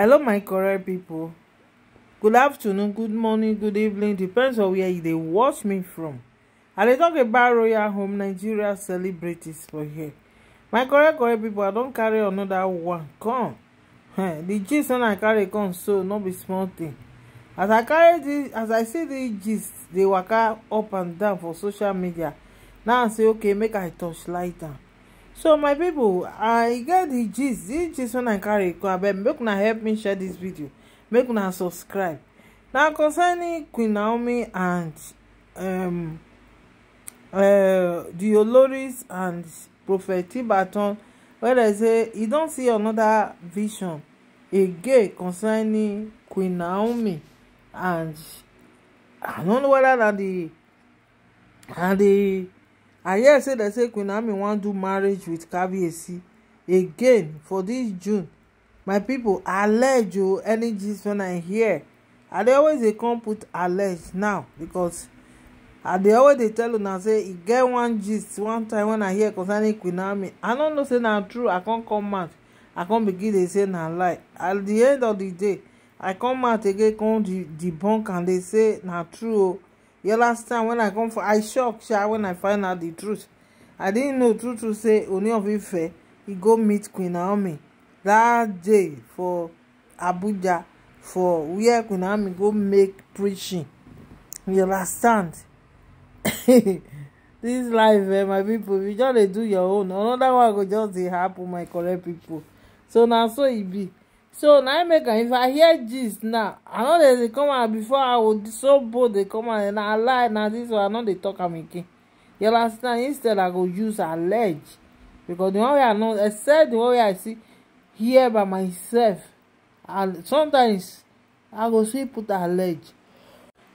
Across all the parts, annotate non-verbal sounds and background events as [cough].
hello my correct people. good afternoon good morning good evening depends on where you dey watch me from i dey tok about royal home nigeria celebrities for here my correct correct people, i don't carry another one come the gist wey i carry come so no be small thing. as i carry this as i see dis gist they walk up and down for social media now i say okay make i touch light am so my people, i get the gist di gist wey i carry go abeg make una help me share this video make una subscribe na concerning queen naomi and um uh, the oloris and prophet tibaton wey dem say e don see another vision again concerning queen naomi and i no know whether na the na the i hear say dem say queen naomi wan do marriage with kabiyesi again for dis june my pipo allege o any gist when i hear i dey always dey come put allege now because i dey always dey tell una say e get one gist one time when i hear concerning queen naomi i no know say na true i come come out i come begin dey say na lie at the end of the day i come out again come debunk am dey say na true o Your last time when i come for i shocked. sha when i find out the truth i didn't know true to say only of ife e go meet queen naomi that day for abuja for where queen naomi go make preaching you understand [laughs] this life eh my people, if you just do your own Another one go just dey happen my correct people. so now so e be so na I make am if i hear gist now i no dey come out before i would so bold dey come out na lie na this one i no dey talk am again you understand instead i go use allege because the one wey i know except the one wey i see hear by myself and sometimes i go still put allege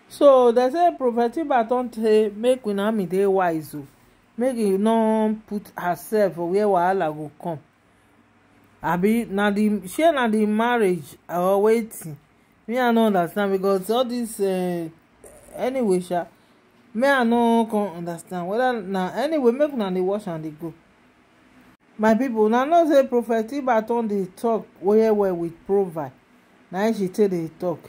so dem say prophet tiba don say make una dey wise o oh. make e no put herself for where wahala go come abi na the shey na the marriage or wetin me i no understand because all this uh, anyway sha me i no come understand whether na anyway make una dey watch and dey go my people una know say prophet ibaton dey talk well well with provide. na how she take dey talk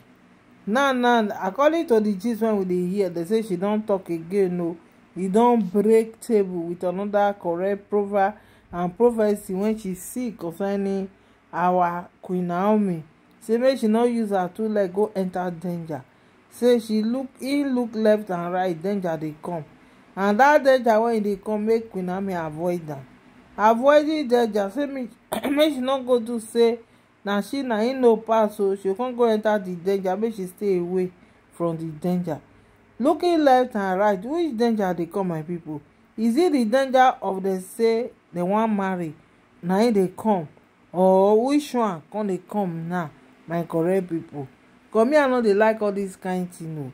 now now according to the gist wey we dey hear dey say she don talk again o oh. no. e don break table with another correct provi and prophecy when she see concerning our queen naomi say make she no use her two leg go enter danger say she look he look left and right danger dey come and that danger wey e dey come make queen naomi avoid am avoiding danger say [coughs] make she no go do say na she na im no pass so she con go enter the danger make she stay away from the danger looking left and right which danger dey come my people? is it the danger of dem say dem wan marry na im dey come or which one come dey come now my correct pipo cos me i no dey like all dis kind. tin o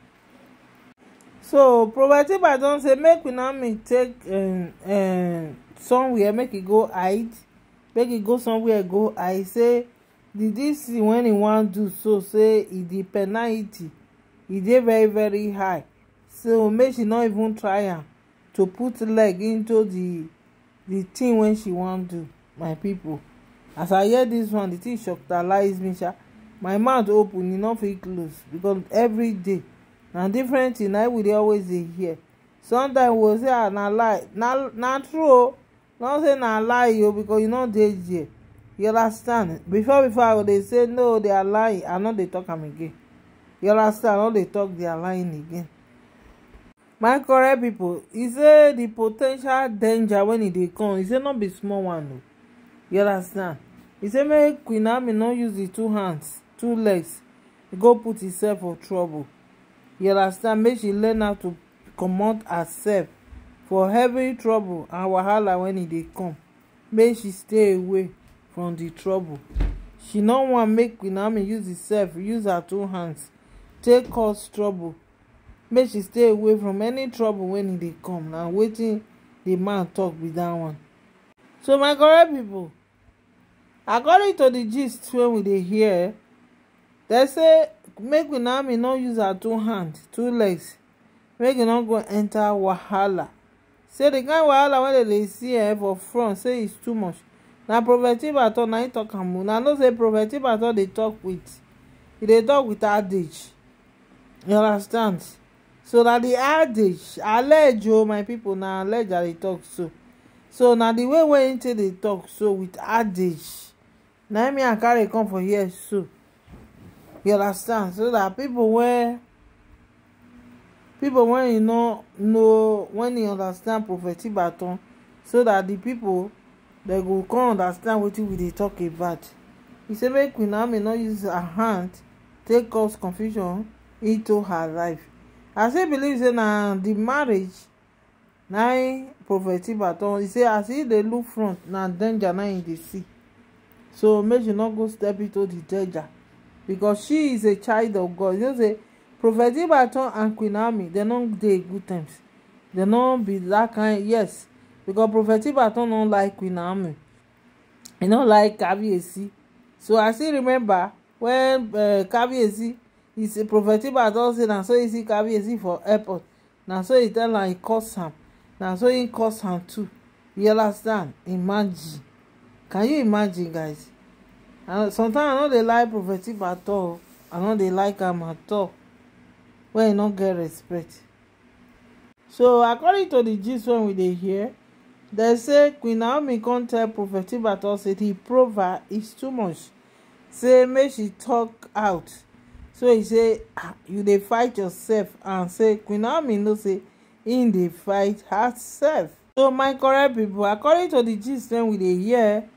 so prophet tiba don say make we now me take um, um, somewhere make e go hide make e go somewhere go hide say the dis thing wen e wan do so say e the penalty e dey very very high so make she no even try am to put leg into the the thing wey she wan do my people as i hear this one the thing shocktalize me sha my mouth open e no fit close because every day na different thing na e we dey always dey hear sometimes we go say ah na lie na na true o no say na lie o because you no dey there you understand before before i go dey say no they are lying i no dey talk am again you understand i no dey talk they are lying again my correct people, e say the po ten tial danger when e dey come e say no be small one o you understand e say make queen ami no use the two hands two legs go put herself for trouble you understand make she learn how to comot herself for heavy trouble and wahala when e dey come make she stay away from the trouble she no wan make queen ami use herself use her two hands take cause trouble make she stay away from any trouble when e dey come na wetin the man talk be that one so my correct people, according to the gist wey we dey hear dem say make queen naomi no use her two hands, two legs make e no go enter wahala say the kind wahala wey dem dey see eh, for front say e too much na prophet ibato na im talk am una know say prophet ibato dey tok wit e dey talk with adage you understand so na the adage allege o oh, my people na allege i dey tok so so na the way wey im take dey tok so with adage na me i carry come for here so you understand so that people wey People wey you no know when you understand prophet baton, so that the people, dem go come understand wetin we dey talk about He say make now may not use her hand take cause confusion into her life i still believe say na di marriage na im prophet ibadan e say as e dey look front na danger na im dey see so make she no go step into di danger because she is a child of god you know say prophet ibadan and queen ami dem no dey good times dem no be that kind yes because prophet ibadan no like queen ami e no like kabiyesi so i still remember when wen eh, kabiyesi e say prophet iba don say na so he see kabiyesi for airport na so he tell am he curse am na so he curse am too you understand imagine can you imagine guys and sometimes i no dey like prophet iba at all i no dey like am at all wey he no get respect so according to the gist wey we dey hear dem say queen naomi come tell prophet ibato say The prover is too much say make she talk out so he say ah, you dey fight yourself and say queen naomi know say im dey fight herself so my correct people, according to the gist wey we dey hear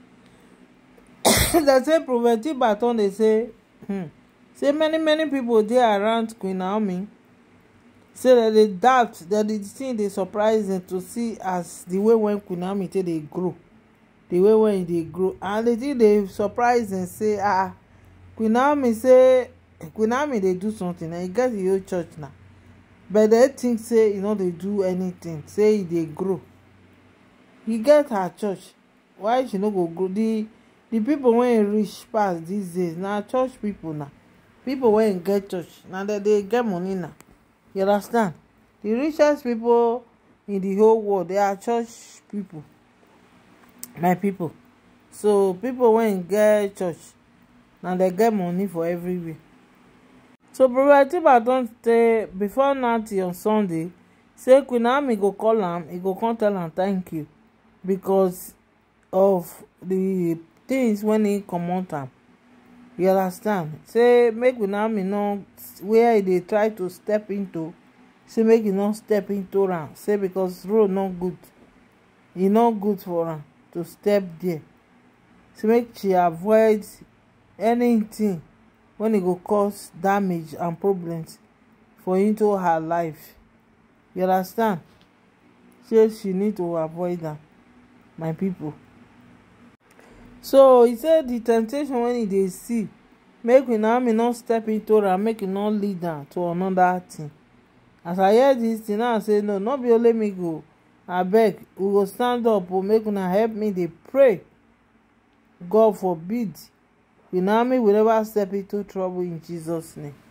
[coughs] dem say prophet tibaton dey say hmm, say many many people dey around queen naomi say dem dey doubt dem di thing dey surprise dem to see as the way wey queen naomi take dey grow the way wey e dey grow and di thing dey surprise dem say ah queen naomi say queen army dey do something na e get the whole church now. but they think say e no dey do anything say e dey grow He get her church why she no go grow the the people wey e reach pass these days na church people na people wey get church na dem dey get money na you understand the richest people in the whole world they are church people my people so people wey get church na dem get money for everywhere so prophet tiba don tey before nati on sunday say queen ami go call am he go come tell am thank you because of the things wen e comot am you understand say make queen ami no where e dey try to step into say make he no step into am say because road no good e no good for am to step there say make she avoid anything When e go cause damage and problems for into her life you understand say she need to avoid am my people. so he say the temptation wey e dey see make we Naomi no step into am make e no lead am to another thing. as i hear this, tin now i say no no be only me go abeg we go stand up o oh, make una help me dey pray god forbid will now We never step into trouble in Jesus' name.